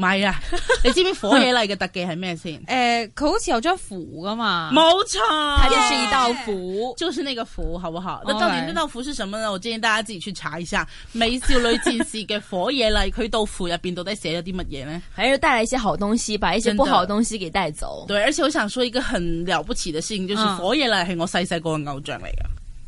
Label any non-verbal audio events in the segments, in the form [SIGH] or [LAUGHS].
唔係啊，你知唔知火野麗嘅特技係咩先？誒，佢、 [MUSIC] 欸、好似有張符噶嘛？冇錯，睇住一道符，yeah, 就是那個符，好唔好？嗱，當年呢道符是什麼呢？我建議大家自己去查一下《美少女戰士》嘅火野麗，佢道 [LAUGHS] 符入邊到底寫咗啲乜嘢呢？係要帶嚟一些好東西，把一些不好東西給帶走。 [MUSIC] 對，而且我想說一個很了不起嘅事情，就是火野麗係我細細個嘅偶像嚟噶。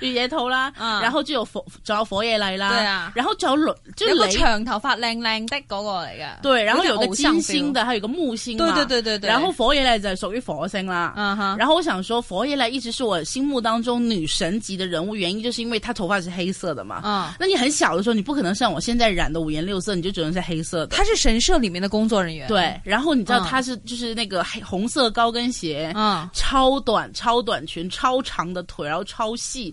月野兔啦，然後就有火，找火野麗啦。對啊。然後找，有綠，即係個長頭髮靚靚的嗰個嚟嘅。對，然後有個金星的，還有個木星嘛。對對對對對。然後火野麗就屬於火星啦。嗯哼。然後我想說，火野麗一直是我心目當中女神級的人物，原因就是因為他頭髮是黑色的嘛。嗯。那你很小的時候，你不可能像我現在染的五顏六色，你就只能是黑色。他是神社裏面的工作人員。對。然後你知道他是就是那個紅色高跟鞋，嗯，超短超短裙，超長的腿，然後超細。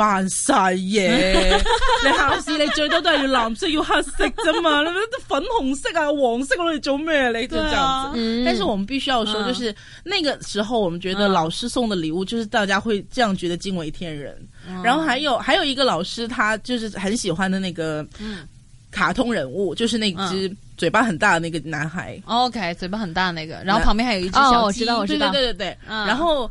扮晒嘢，耶 [LAUGHS] 你考試你最多都係要藍色、要黑色啫嘛，你粉紅色啊、黃色攞嚟做咩？你就、啊，嗯、但是我們必須要說，就是、嗯、那個時候我們覺得老師送的禮物，就是大家會這樣覺得驚為天人。嗯、然後還有還有一個老師，他就是很喜歡的那個卡通人物，就是那隻嘴巴很大的那個男孩。嗯、OK，嘴巴很大那個，然後旁邊還有一隻小雞、哦、我知道，我知道，知道對，對對對，嗯、然後。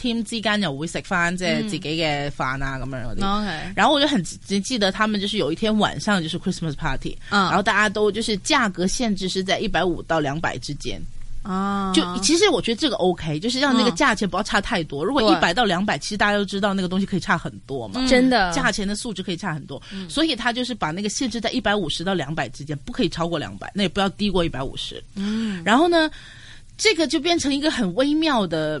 team 之間又會食翻即自己嘅飯啊咁、嗯、樣嗰啲，嗯 okay。然後我就很記記得，他們就是有一天晚上就是 Christmas party，嗯、然後大家都就是價格限制是在一百五到兩百之間、啊、就其實我覺得這個 OK，就是讓那個價錢不要差太多。嗯、如果一百到兩百對，其實大家都知道那個東西可以差很多嘛，真的、嗯、價錢的素質可以差很多，嗯、所以他就是把那個限制在一百五十到兩百之間，不可以超過兩百，那也不要低過一百五十。嗯，然後呢，這個就變成一個很微妙的。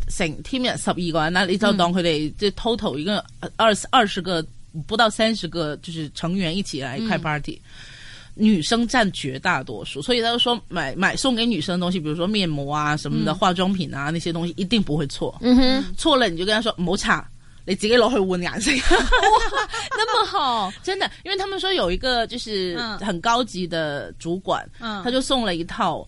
成 team 啊，十二個，那你、嗯、就當佢哋 total 一個二二十個，不到三十個，個就是成員一起來開 party，、嗯、女生佔絕大多數，所以他就說買買送給女生的東西，比如說面膜啊，什麼的、嗯、化妝品啊，那些東西一定不會錯。嗯哼，錯了你就跟他說唔好擦，你自己攞去換顏色。哇， [LAUGHS] 那麼好，真的，因為他們說有一個就是很高級的主管，嗯、他就送了一套。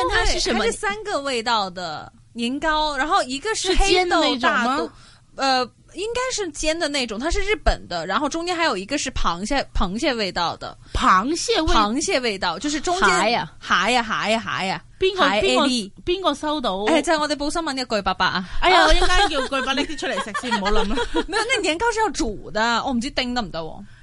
它是什麼？是三個味道的年糕，然後一個是黑豆大豆，呃，應該是煎的那種。它是日本的，然後中間還有一個是螃蟹，螃蟹味道的，螃蟹味，螃蟹味道就是中間。蟹呀、啊啊，蟹呀、啊，蟹呀、啊，蟹呀。邊個？邊個？收到？哎、欸，就係、是、我哋報新聞嘅巨八八啊！哎呀，我應該叫巨八呢啲出嚟食先，唔好諗啦。咩？那年糕係要煮嘅，我唔知叮得唔得。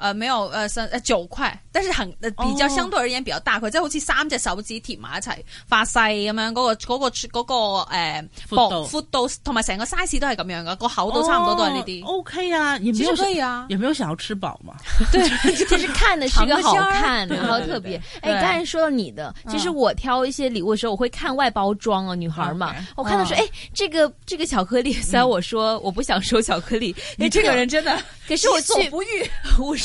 呃，沒有呃，三，呃，九塊，但是很比較相對而言比較大塊，最後好似三隻手指貼埋一齊，發腮咁樣。嗰個嗰個，誒，個誒寬度，同埋成個 size 都係咁樣噶，個口都差唔多都係呢啲。O K 啊，亦都可以啊，有沒有想要吃飽嘛？對，其實看的是個好看，然後特別。誒，剛才說到你的，其實我挑一些禮物的時候，我會看外包裝啊，女孩嘛，我看到說，誒，這個這個巧克力，雖然我說我不想收巧克力，你這個人真的，可是我做不遇我。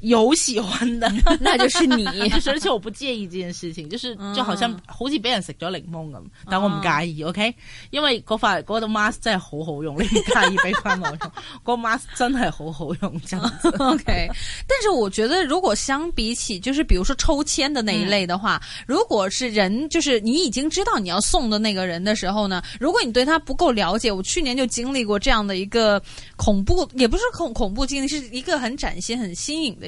有喜歡的， [LAUGHS] 那就是你。而且 [LAUGHS] 我不介意這件事情，就是就好像好像被似別人食咗檸檬咁，但我唔介意 [LAUGHS] ，OK。因為嗰塊嗰個 mask 真係好好用，你介意俾翻我？用，嗰個 mask 真係好好用，真 OK。但是我覺得，如果相比起，就是比如說抽籤的那一類的話，嗯、如果是人，就是你已經知道你要送的那個人的時候呢？如果你對他不夠了解，我去年就經歷過這樣的一個恐怖，也不是恐恐怖經歷，是一個很嶄新、很新穎的。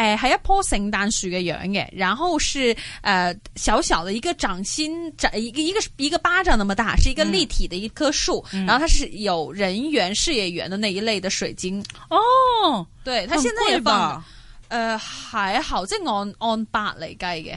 誒、呃，係一棵聖誕樹嘅樣嘅，然後是呃小小的一個掌心掌一一個一個，一個巴掌那麼大，是一個立體的一棵樹，嗯、然後它是有人緣、事業緣的那一類的水晶哦，對，它現在也放，呃還好，即係按按八嚟計嘅。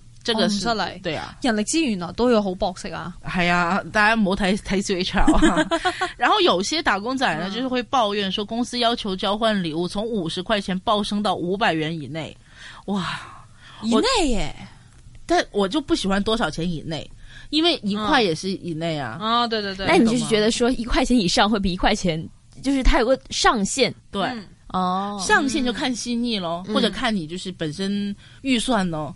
這個是嚟，哦、來對啊，人力資源啊都有好博 x 啊。係啊，大家唔好睇睇小 h 然後有些打工仔呢，就是，會抱怨說公司要求交換禮物從五十塊錢暴升到五百元以內。哇，以內耶！但我就不喜歡多少錢以內，因為一塊也是以內啊。嗯、哦，對對對，那你就是覺得說一塊錢以上會比一塊錢，就是它有個上限。對，哦、嗯，上限就看心意咯，嗯、或者看你就是本身預算咯。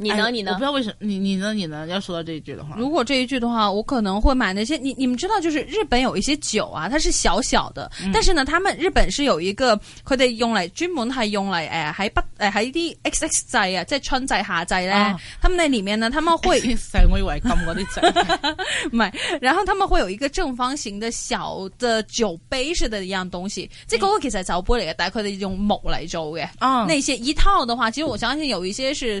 你呢，哎、你呢？你呢？我不知道為什麼你你呢？你呢，要說到這一句的話，如果這一句的話，我可能會買那些你你們知道，就是日本有一些酒啊，它是小小的，嗯、但是呢，他們日本是有一個，佢哋用來專門還用來誒還不還一啲 xx 祭啊，即係春祭夏祭他們那裏面呢，他們會 [LAUGHS] [LAUGHS] [LAUGHS] 買，然後他們會有一個正方形的小的酒杯似的一樣東西，嗯、這個我給在酒杯嚟嘅，大概佢哋用木來做嘅，啊、嗯，那些一套的話，其實我相信有一些是。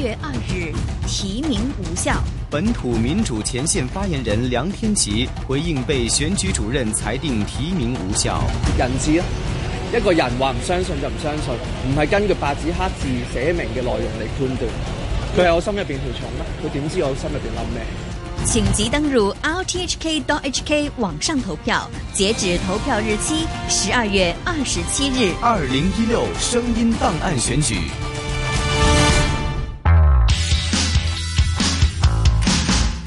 月二日提名無效。本土民主前綫發言人梁天琦回應被選舉主任裁定提名無效。人治啊，一個人話唔相信就唔相信，唔係根據白紙黑字寫明嘅內容嚟判斷。佢喺我心入邊條蟲咩？佢點知我心入邊諗咩？請即登入 rthk.hk 網上投票，截止投票日期十二月二十七日。二零一六聲音檔案選舉。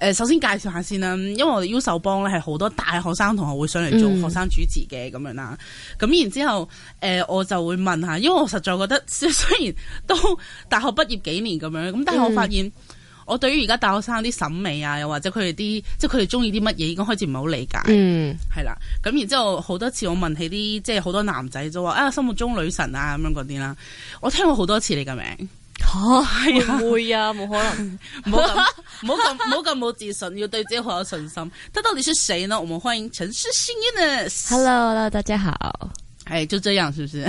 誒，首先介紹下先啦，因為我哋優秀幫咧係好多大學生同學會上嚟做學生主持嘅咁、嗯、樣啦。咁然之後，誒、呃、我就會問下，因為我實在覺得雖然都大學畢業幾年咁樣，咁但係我發現、嗯、我對於而家大學生啲審美啊，又或者佢哋啲即係佢哋中意啲乜嘢，已經開始唔係好理解，係啦、嗯。咁然之後好多次我問起啲即係好多男仔就話啊，心目中女神啊咁樣嗰啲啦，我聽過好多次你嘅名。會唔、哦、會啊？冇 [LAUGHS] 可能，唔好咁，唔好咁，唔好咁冇自信，要對自己好有信心。他到底是誰呢？我們歡迎陳詩欣 Hello，Hello，大家好。哎，就這樣，是不是？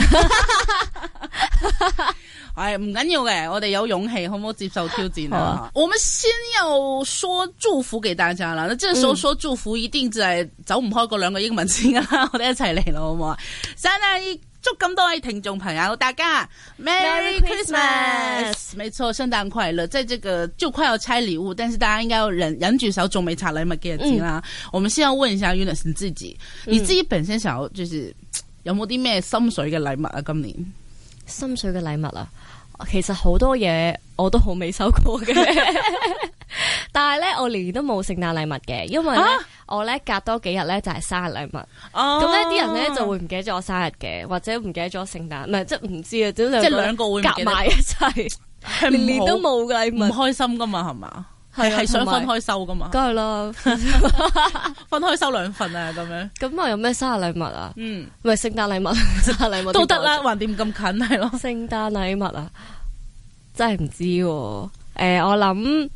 唉、 [LAUGHS] [LAUGHS] 哎，唔緊要嘅，我哋有勇氣，可唔可以接受挑戰啊？我們先要說祝福給大家啦。那這時候說祝福，一定就係走唔開嗰兩個英文先啦。嗯、 [LAUGHS] 我哋一齊嚟咯，好唔好啊？三二一。祝咁多位聽眾朋友大家，Merry Christmas，沒錯，聖誕快樂。在這個就快要拆禮物，但是大家應該要忍忍住手，仲未拆禮物嘅日子啦。嗯、我們先要問一下 u l y s s 你自己，你自己本身想就是有冇啲咩心水嘅禮物啊？今年心水嘅禮物啊，其實好多嘢，我都好未收過嘅。 [LAUGHS] 但係咧，我年年都冇聖誕禮物嘅，因為咧我咧隔多幾日咧就係生日禮物，咁咧啲人咧就會唔記得咗我生日嘅，或者唔記得咗聖誕唔係，即係唔知啊，即係兩個會夾埋一齊，年年都冇嘅禮物，唔開心噶嘛係嘛，係想分開收噶嘛，梗係咯，分開收兩份啊咁樣。咁啊有咩生日禮物啊？嗯，唔係聖誕禮物，聖誕禮物都得啦，橫掂咁近係咯。聖誕禮物啊，真係唔知誒，我諗。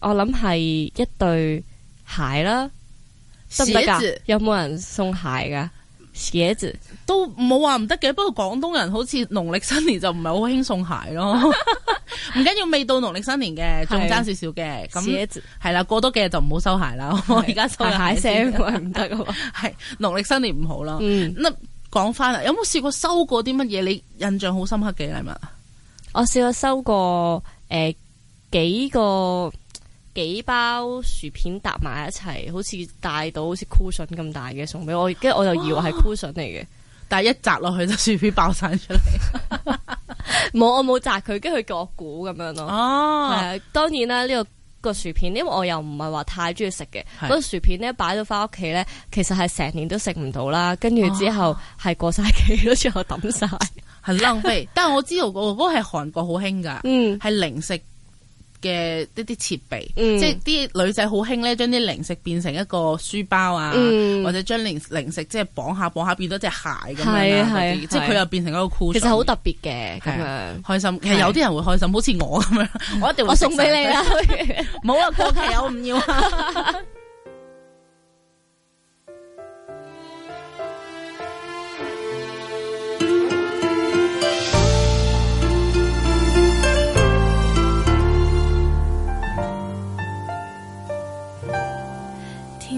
我諗係一對鞋啦，得唔得噶？有冇人送鞋噶？鞋子都冇話唔得嘅，不過廣東人好似農曆新年就唔係好興送鞋咯。唔緊 [LAUGHS] [LAUGHS] 要，未到農曆新年嘅仲爭少少嘅咁係啦。過多幾日就唔好收鞋啦。是 [LAUGHS] 我而家送鞋聲唔得嘅，係農曆新年唔好啦。咁講翻啊，有冇試過收過啲乜嘢？你印象好深刻嘅禮物？我試過收過誒、呃、幾個。幾包薯片搭埋一齊，好似大到好似咕 𠱸 咁大嘅送俾我，跟住我又以為係咕 𠱸 嚟嘅，但係一摘落去，就薯片爆晒出嚟。冇， [LAUGHS] [LAUGHS] 我冇摘佢，跟住佢叫我估咁樣咯。哦，當然啦，呢、這個個薯片，因為我又唔係話太中意食嘅，嗰是個薯片咧擺到翻屋企咧，其實係成年都食唔到啦。跟住之後係過晒期，都最後抌晒， [LAUGHS] 很浪費。 [LAUGHS] 但係我知道嗰個係韓國好興噶，嗯，係零食。嘅一啲設備，即係啲女仔好興咧，將啲零食變成一個書包啊，或者將零零食即係綁下綁下變咗隻鞋咁樣，即係佢又變成一個褲。其實好特別嘅咁樣開心，其實有啲人會開心，好似我咁樣，我一定會。送俾你啦，冇啊，過期我唔要啊。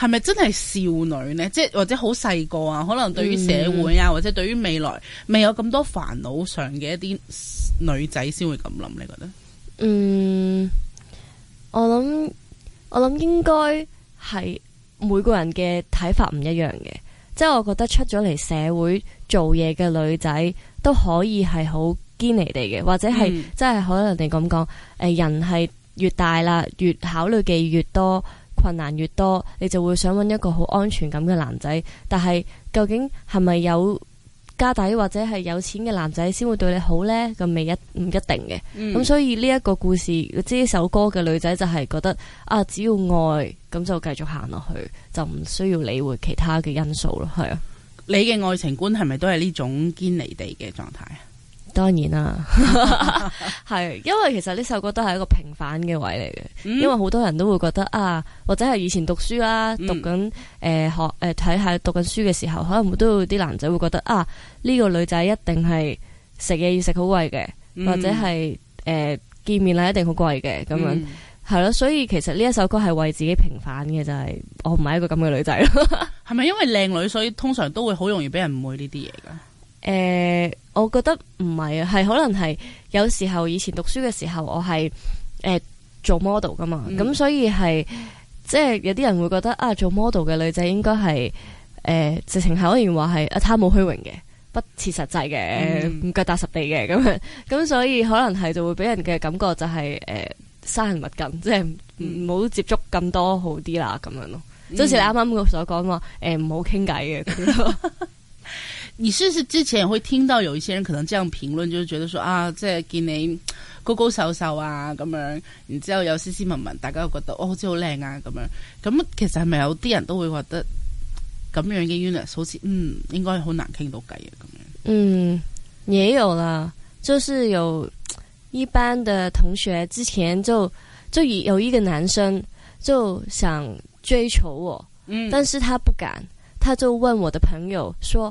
係咪真係少女呢？即係或者好細個啊？可能對於社會啊，嗯、或者對於未來未有咁多煩惱上嘅一啲女仔先會咁諗。你覺得？嗯，我諗我諗應該係每個人嘅睇法唔一樣嘅。即係我覺得出咗嚟社會做嘢嘅女仔都可以係好堅尼地嘅，或者係即係可能你哋咁講，誒，人係越大啦，越考慮嘅越多。困難越多，你就會想揾一個好安全感嘅男仔，但係究竟係咪有家底或者係有錢嘅男仔先會對你好呢？咁未一唔一定嘅。咁、嗯、所以呢一個故事，即首歌嘅女仔就係覺得啊，只要愛，咁就繼續行落去，就唔需要理會其他嘅因素咯。係啊，你嘅愛情觀係咪都係呢種堅離地嘅狀態？當然啦， [LAUGHS] [LAUGHS] 係因為其實呢首歌都係一個平反嘅位嚟嘅，嗯、因為好多人都會覺得啊，或者係以前讀書啦，讀緊誒、呃、學誒睇下讀緊書嘅時候，可能都會啲男仔會覺得啊，呢、這個女仔一定係食嘢要食好貴嘅，嗯、或者係誒、呃、見面啦一定好貴嘅咁樣，係咯、嗯，所以其實呢一首歌係為自己平反嘅就係、是、我唔係一個咁嘅女仔咯，係咪因為靚女所以通常都會好容易俾人誤會呢啲嘢噶？誒、呃，我覺得唔係啊，係可能係有時候以前讀書嘅時候我是，我係誒做 model 噶嘛，咁、嗯、所以係即係有啲人會覺得啊，做 model 嘅女仔應該係誒直情係可以話係一貪慕虛榮嘅，不切實際嘅，唔腳、嗯、踏實地嘅咁樣，咁所以可能係就會俾人嘅感覺就係、是、誒、呃、生人勿近，即係唔好接觸咁多好啲啦，咁樣咯，就好似你啱啱所講話誒唔好傾偈嘅。 [LAUGHS] 你試試之前會聽到有一些人可能這樣評論，就是覺得說啊，即係見你高高瘦瘦啊咁樣，然之後又斯斯文文，大家都覺得哦，好似好靚啊咁樣。咁其實係咪有啲人都會覺得咁樣嘅 unit 好似，嗯，應該好難傾到偈啊咁樣。嗯，也有了，就是有一班的同學之前就就有一個男生就想追求我，嗯，但是他不敢，他就問我的朋友說。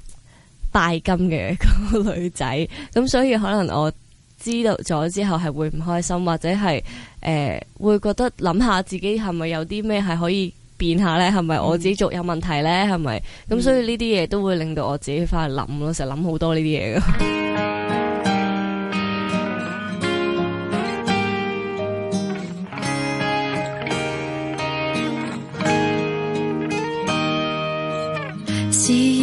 拜金嘅個女仔，咁所以可能我知道咗之後係會唔開心，或者係誒、呃、會覺得諗下自己係咪有啲咩係可以變下呢？係咪我自己做有問題呢？係咪？咁、嗯、所以呢啲嘢都會令到我自己翻去諗咯，成日諗好多呢啲嘢。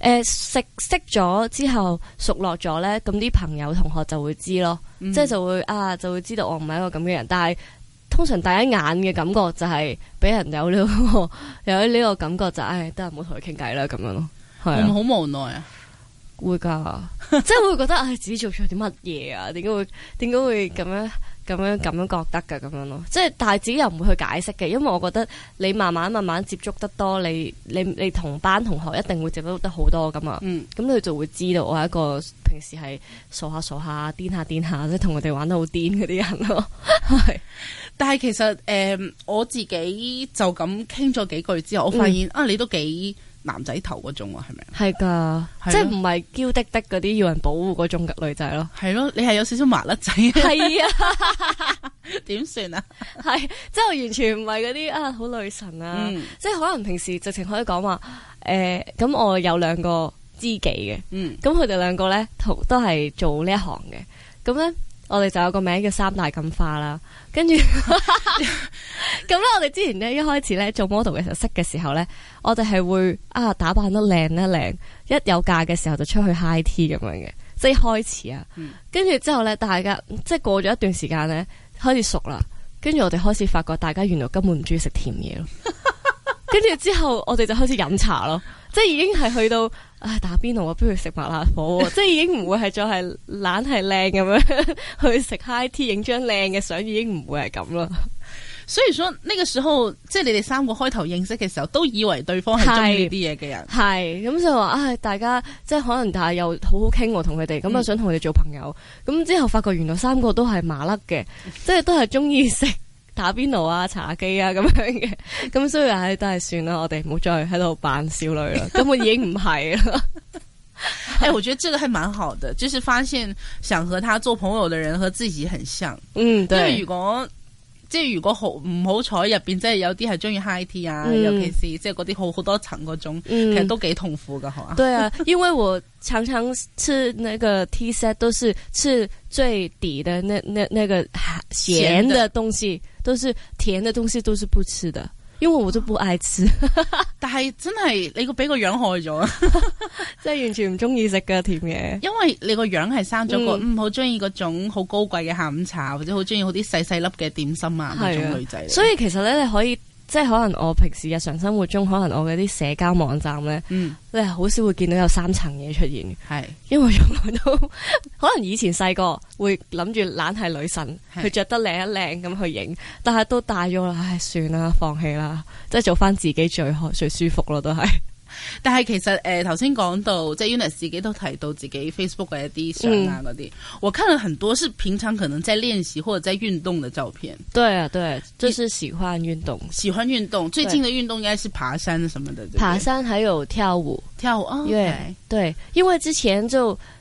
誒、食、呃、識咗之後熟落咗咧，咁啲朋友同學就會知咯，嗯、即係就會啊，就會知道我唔係一個咁嘅人。但係通常第一眼嘅感覺就係俾人有呢、這個，有呢個感覺就是，唉、哎，都係唔好同佢傾偈啦，咁樣咯。係好、啊、無奈啊？會噶的， [LAUGHS] 即係會覺得啊、哎，自己做錯啲乜嘢啊？點解會點解會咁樣？咁樣咁樣覺得㗎，咁樣咯，即係但係自己又唔會去解釋嘅，因為我覺得你慢慢慢慢接觸得多，你你你同班同學一定會接觸得好多噶嘛，咁、嗯、你就會知道我係一個平時係傻下傻下、癲下癲下，即係同佢哋玩得好癲嗰啲人咯。哈哈 [LAUGHS] 但係其實誒、呃，我自己就咁傾咗幾句之後，我發現、嗯、啊，你都幾～男仔頭嗰種啊，係咪？係噶的，即係唔係嬌滴滴嗰啲要人保護嗰種嘅女仔咯。係咯的，你係有少少麻甩仔係啊。係 [LAUGHS] 啊，點算啊？係即係完全唔係嗰啲啊，好女神啊。嗯、即係可能平時直情可以講話誒，咁、呃、我有兩個知己嘅，咁佢哋兩個咧同都係做呢一行嘅。咁咧，我哋就有個名叫三大金花啦。跟住咁咧， [LAUGHS] [LAUGHS] 我哋之前咧一開始咧做 model 嘅時候識嘅時候咧，我哋係會啊打扮得靚一靚，一有假嘅時候就出去 high tea 咁樣嘅，即係開始啊。跟住、嗯、之後咧，大家即係過咗一段時間咧，開始熟啦。跟住我哋開始發覺大家原來根本唔中意食甜嘢咯。跟住 [LAUGHS] 之後我哋就開始飲茶咯，即係已經係去到。打邊爐啊，不如食麻辣火， [LAUGHS] 即係已經唔會係再係懶係靚咁樣 [LAUGHS] 去食 high tea 影張靚嘅相，T, 已經唔會係咁啦。 [LAUGHS] 所以講呢個時候，即、就、係、是、你哋三個開頭認識嘅時候，都以為對方係中意呢啲嘢嘅人，係咁就話唉，大家即係可能但係又好好傾，同佢哋咁啊，想同佢哋做朋友。咁、嗯、之後發覺原來三個都係麻甩嘅，即係都係中意食。打邊爐啊、茶几啊咁樣嘅，咁所以唉、哎、都係算啦，我哋唔好再喺度扮少女啦，根本已經唔係啦。 [LAUGHS] [LAUGHS] 哎，我覺得這個係蠻好的，就是發現想和他做朋友的人和自己很像。嗯，對。即係如果即係、就是、如果唔好彩入邊，即係有啲係中意 high tea 啊，嗯、尤其是即係嗰啲好好多層嗰種，嗯、其實都幾痛苦噶，係嘛？ [LAUGHS] 對啊，因為我常常吃那個 tea set，都是吃最底的那那那個鹹的東西。都是甜的東西都是不吃的，因為我都不愛吃。 [LAUGHS] [LAUGHS] 但係真係你個俾個樣害咗，即 [LAUGHS] 係 [LAUGHS] 完全唔中意食嘅甜嘢。因為你的樣是生了個樣係生咗個唔好中意嗰種好高貴嘅下午茶，或者好中意嗰啲細細粒嘅點心啊，嗰種女仔。所以其實咧，你可以。即係可能我平時日常生活中，可能我嘅啲社交網站呢，你係好少會見到有三層嘢出現係，係因為我都可能以前細個會諗住懶係女神，佢着係得靚一靚咁去影，但係都大咗啦，唉，算啦，放棄啦，即係做翻自己最最舒服咯，都係。但係其實誒，頭先講到即係 Unice 自己都提到自己 Facebook 嘅一啲相啊嗰啲。嗯、我看了很多是平常可能在練習或者在運動的照片。對啊，對，就是喜歡運動，喜歡運動。最近的運動應該是爬山什麼的，爬山還有跳舞，跳舞。對、哦、對，對，因為之前就。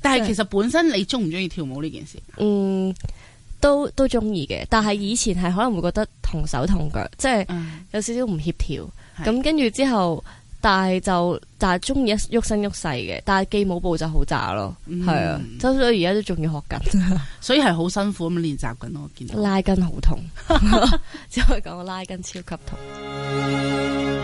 但係其實本身你中唔中意跳舞呢件事？嗯，都都中意嘅，但係以前係可能會覺得同手同腳，嗯、即係有少少唔協調。咁跟住之後，但係就但係中意一喐身喐勢嘅，但係技舞步就好渣咯。係、嗯、啊，所以而家都仲要學緊，所以係好辛苦咁練習緊，我見到 [LAUGHS] 拉筋好痛，只可以講我拉筋超級痛。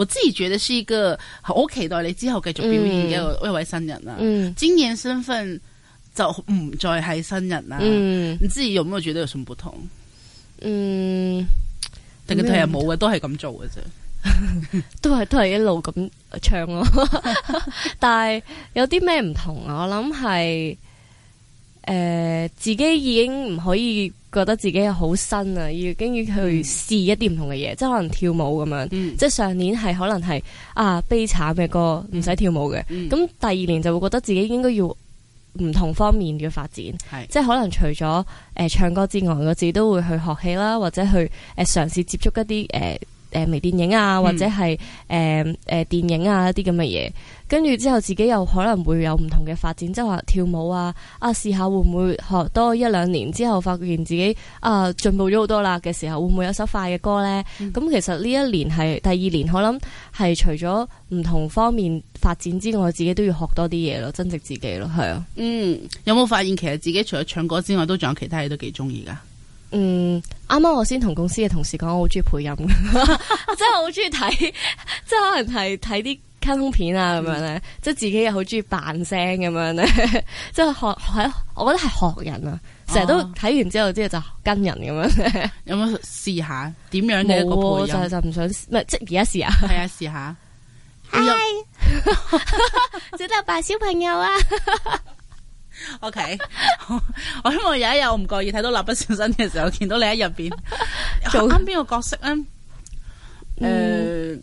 我自己覺得是一個好期待你之後繼續表演嘅一位新人啦。今年，嗯嗯、身份就唔再係新人啦，你自己，嗯、有冇覺得有什麼不同？嗯，但佢哋係冇嘅，都係咁做嘅啫，都係都係一路咁唱咯。但係有啲咩唔同啊？ [LAUGHS] 同我諗係。誒、呃，自己已經唔可以覺得自己好新啊，要經要去試一啲唔同嘅嘢，嗯、即係可能跳舞咁樣。嗯、即係上年係可能係啊悲慘嘅歌，唔使跳舞嘅。咁、嗯、第二年就會覺得自己應該要唔同方面嘅發展，是即係可能除咗誒、呃、唱歌之外，我自己都會去學戲啦，或者去誒嘗試接觸一啲誒。呃誒，微電影啊，或者係誒誒電影啊，一啲咁嘅嘢，跟住之後自己又可能會有唔同嘅發展，即係話跳舞啊，啊試下會唔會學多一兩年之後，發現自己啊進步咗好多啦嘅時候，會唔會有首快嘅歌呢？咁、嗯、其實呢一年係第二年，我諗係除咗唔同方面發展之外，自己都要學多啲嘢咯，增值自己咯，係啊。嗯，有冇發現其實自己除咗唱歌之外，都仲有其他嘢都幾中意噶？嗯，啱啱我先同公司嘅同事講，我好中意配音，我 [LAUGHS] [LAUGHS] 真係好中意睇，即係 [LAUGHS] 可能係睇啲卡通片啊咁、嗯、樣咧，即係自己又好中意扮聲咁樣咧，即係學喺，我覺得係學人啊，成日都睇完之後之後就跟人咁、啊、 [LAUGHS] 樣咧，有冇試下點樣嘅一個配音就唔、是、想即而家試下，係啊，試下，嗨 Hi，小得扮小朋友啊！ [LAUGHS] O K，我希望有一日我唔覺意睇到《蠟筆小新》嘅時候，見到你喺入邊做緊邊個角色咧？誒、嗯，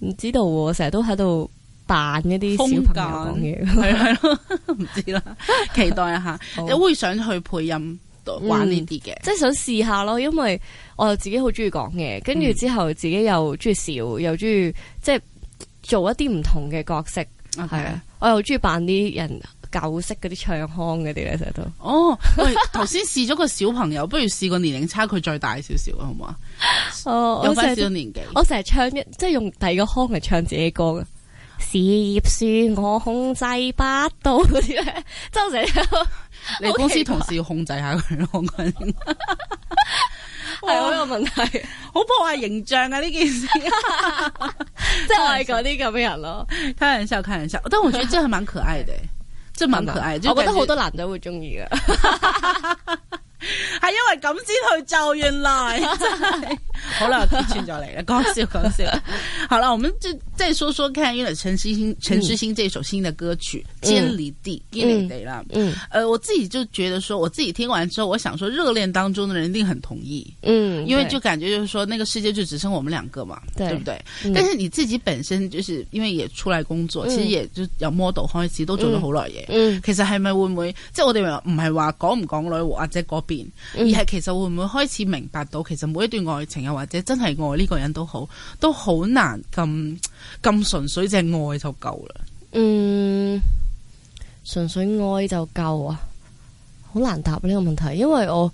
唔、嗯、知道，成日都喺度扮一啲小朋友講嘢，係係咯，唔 [LAUGHS] 對 [LAUGHS] 知啦。期待一下，你會好想去配音玩呢啲嘅，即係、嗯就是、想試下咯。因為我自己好中意講嘢，跟住之後自己又中意笑，嗯、又中意即係做一啲唔同嘅角色，係啊 Okay，我又中意扮啲人。舊式嗰啲唱腔嗰啲咧，成日都哦。喂，頭先試咗個小朋友，不如試個年齡差距再大少少啊，好唔好啊？哦，有少少年紀。我成日唱即係用第二個腔嚟唱自己歌嘅。事業書我控制不到嗰啲咧，周成，你公司同事要控制下佢咯。係好有問題，好破壞形象啊！呢件事，即係講啲咁嘅人咯。開玩笑，開玩笑，但係我覺得真係蠻可愛嘅。即係蠻可愛，嗯啊、覺我覺得好多男仔會中意噶。 [LAUGHS] 係因為咁先去就，原來真係好了揭去咗嚟了講笑講笑。好了，我們就再說說看蘇聽，陳詩欣陳詩欣這首新的歌曲《堅離地》，堅離地啦，嗯，呃，我自己就覺得說，我自己聽完之後，我想說，熱戀當中的人一定很同意，嗯，因為就感覺就是說，那個世界就只剩我們兩個嘛，對不對？但是你自己本身就是因為也出來工作，其實也就有 model 開始，都做咗好耐嘢。嗯，其實係咪會唔會，即係我哋唔係話講唔講女或者個別。而係、嗯、其實會唔會開始明白到，其實每一段愛情又或者真係愛呢個人都好都好難咁咁純粹，淨係愛就夠啦。嗯，純粹愛就夠、嗯、啊，好難答呢個問題，因為我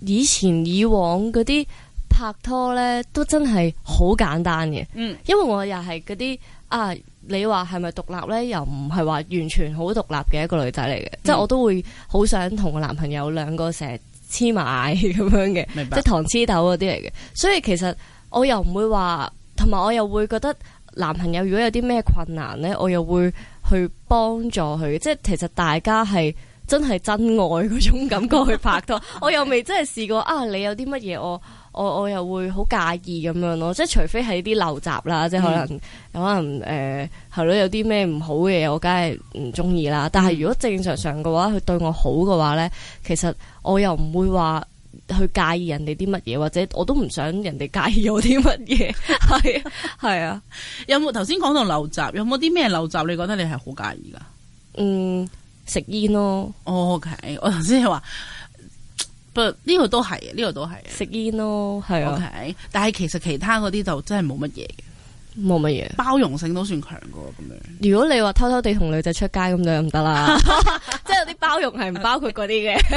以前以往嗰啲拍拖呢，都真係好簡單嘅。嗯，因為我又係嗰啲啊。你話係咪獨立呢？又唔係話完全好獨立嘅一個女仔嚟嘅，即係、嗯、我都會好想同男朋友兩個成日黐埋咁樣嘅，明白 即係糖黐豆嗰啲嚟嘅。所以其實我又唔會話，同埋我又會覺得男朋友如果有啲咩困難呢，我又會去幫助佢。即係其實大家係真係真愛嗰種感覺去拍拖， [LAUGHS] 我又未真係試過啊！你有啲乜嘢我？我我又會好介意咁樣咯，即係除非係啲陋習啦，即係、嗯、可能可能誒係咯，有啲咩唔好嘅嘢，我梗係唔中意啦。但係如果正常上嘅話，佢對我好嘅話咧，其實我又唔會話去介意人哋啲乜嘢，或者我都唔想人哋介意我啲乜嘢。係係 [LAUGHS] 啊，啊，有冇頭先講到陋習，有冇啲咩陋習？你覺得你係好介意噶？嗯，食煙咯。Okay，我頭先係話。呢、這個都係，呢、這個都係食煙咯，係啊。OK，但係其實其他嗰啲就真係冇乜嘢嘅，冇乜嘢。包容性都算強嘅咁樣。如果你話偷偷地同女仔出街咁樣唔得啦，就了 [LAUGHS] [LAUGHS] 即係有啲包容係唔包括嗰啲嘅？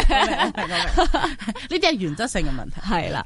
呢啲係原則性嘅問題，係啦。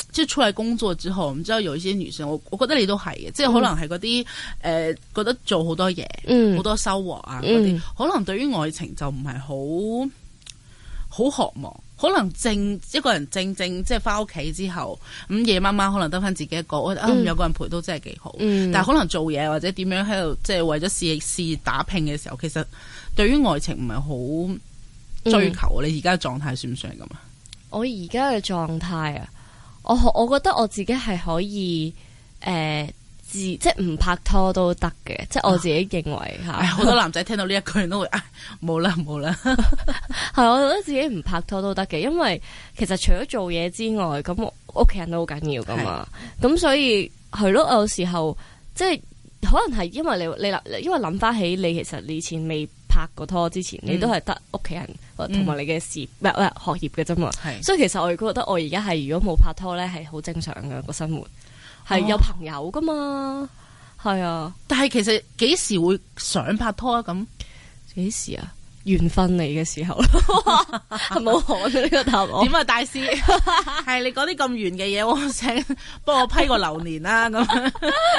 即係出嚟工作之後，咁之後有一些女性，我我覺得你都係嘅，即係、嗯、可能係嗰啲誒，覺得做好多嘢，好、嗯、多收穫啊嗰啲，那些嗯、可能對於愛情就唔係好好渴望。可能正一個人正正即係翻屋企之後，咁、嗯、夜晚晚可能得翻自己一個，我、啊、有個人陪都真係幾好。嗯嗯、但係可能做嘢或者點樣喺度，即、就、係、是、為咗事業事業打拼嘅時候，其實對於愛情唔係好追求。嗯、你而家嘅狀態算唔算咁啊？我而家嘅狀態啊。我我覺得我自己係可以誒、呃、自即係唔拍拖都得嘅，即、啊、我自己認為嚇。好、啊、多男仔聽到呢一句都會啊、冇啦冇啦。係，我覺得自己唔拍拖都得嘅，因為其實除咗做嘢之外，咁屋企人都好緊要噶嘛。咁是所以係咯，有時候即可能係因為你你諗，因為諗翻起你其實你以前未，拍個拖之前，你都係得屋企人同埋你嘅事業，唔係唔係學業嘅啫嘛。係。所以其實我覺得我而家係如果冇拍拖咧，係好正常嘅個生活，係有朋友噶嘛，係、哦、啊。但係其實幾時會想拍拖啊？咁幾時啊？緣分嚟嘅時候咯，冇我？呢、 [LAUGHS] 啊個頭點啊大師，係 [LAUGHS] [LAUGHS] 你講啲咁遠嘅嘢，我請幫我批個流年啦，咁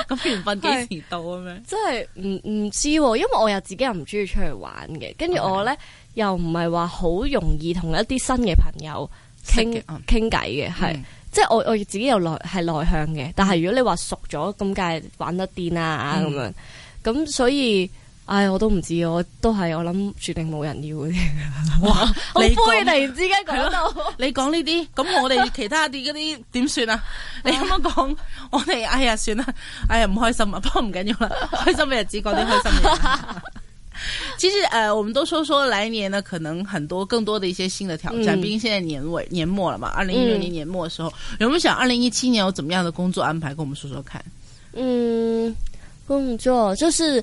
咁緣分幾時到咁、啊、咩？真係唔唔知、啊，因為我又自己又唔中意出去玩嘅，跟住我咧又唔係話好容易同一啲新嘅朋友傾傾偈嘅，係即係我我自己又內係內向嘅，但係如果你話熟咗咁，梗係玩得癲啦咁樣，咁所以。哎，我都唔知，我都係我諗，注定冇人要嗰啲。哇，你說好灰啊，突然之間講到你講呢啲，咁我哋其他啲嗰啲點算啊？ [LAUGHS] 你咁樣講我哋？哎呀，算啦，哎呀，唔開心啊，不過唔緊要啦，開心嘅日子講啲開心嘢。 [LAUGHS] 其實誒、呃，我們都說說來年呢，可能很多更多的一些新的挑戰，畢、嗯、竟現在年尾年末啦嘛，二零一六年年末嘅時候，嗯、有冇想二零一七年有怎麼樣的工作安排？跟我們說說看。嗯，工作就是。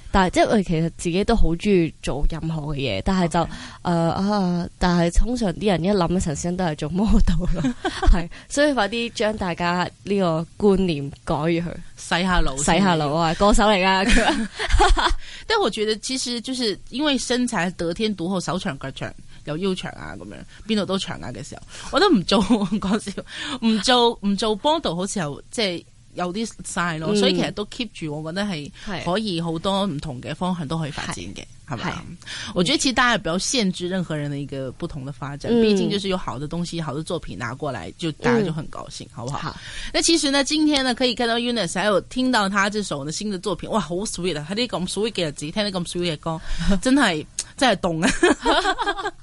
但係即係其實自己都好中意做任何嘅嘢，但係就誒啊 Okay.、呃！但係通常啲人一諗陳神欣都係做 model 咯，係 [LAUGHS] 所以快啲將大家呢個觀念改咗佢，洗下腦，洗下腦啊！歌 [LAUGHS] 手嚟噶，即係 [LAUGHS] [LAUGHS] 我覺得其實就是因為身材得天獨厚，手長腳長有腰長啊，咁樣邊度都長啊嘅時候，我都唔做講笑， [LAUGHS] 做，唔做唔做 model 好似候即係。有啲嘥咯，嗯、所以其實都 keep 住，我覺得係可以好多唔同嘅方向都可以發展嘅，係咪是？吧我覺得其實大家也不要限制任何人的一個不同的發展，畢、嗯、竟就是有好的東西、好的作品拿過來，就大家就很高興，嗯、好不好？好。那其實呢，今天呢，可以看到 Unus，還有聽到他這首呢新的作品，哇，好 sweet 啊！喺啲咁 sweet 嘅日子，聽啲咁 sweet 嘅歌，真係。 [LAUGHS] 即係凍啊！ [LAUGHS]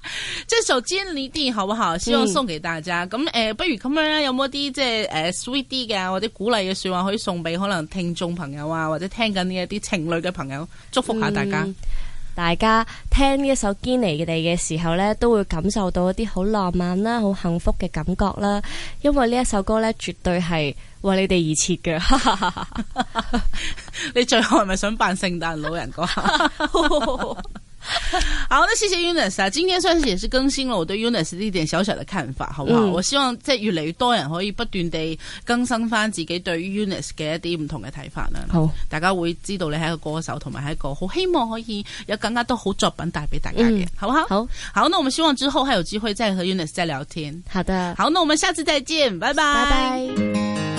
[LAUGHS] 即係首堅離地，好唔好？希望送俾大家。咁誒、嗯呃，不如咁樣啦，有冇啲即係誒 sweet 啲嘅，或者鼓勵嘅說話，可以送俾可能聽眾朋友啊，或者聽緊呢一啲情侶嘅朋友，祝福下大家。嗯、大家聽呢一首堅離嘅地嘅時候咧，都會感受到一啲好浪漫啦、好幸福嘅感覺啦。因為呢一首歌咧，絕對係為你哋而設嘅。 [LAUGHS] 你最後係咪想扮聖誕老人嗰下？ [LAUGHS] [LAUGHS] [LAUGHS] 好，那謝謝 UNUS 啊，今天算是也是更新了我對 UNUS 的一點小小的看法，好不好？嗯、我希望即係越嚟越多人可以不斷地更新翻自己對於 UNUS 嘅一啲唔同嘅睇法啦。好，大家會知道你係一個歌手，同埋係一個好希望可以有更加多好作品帶俾大家嘅，嗯、好唔好？好，好，那我們希望之後還有機會再和 UNUS 再聊天。好的，好，那我們下次再見，拜拜，拜拜。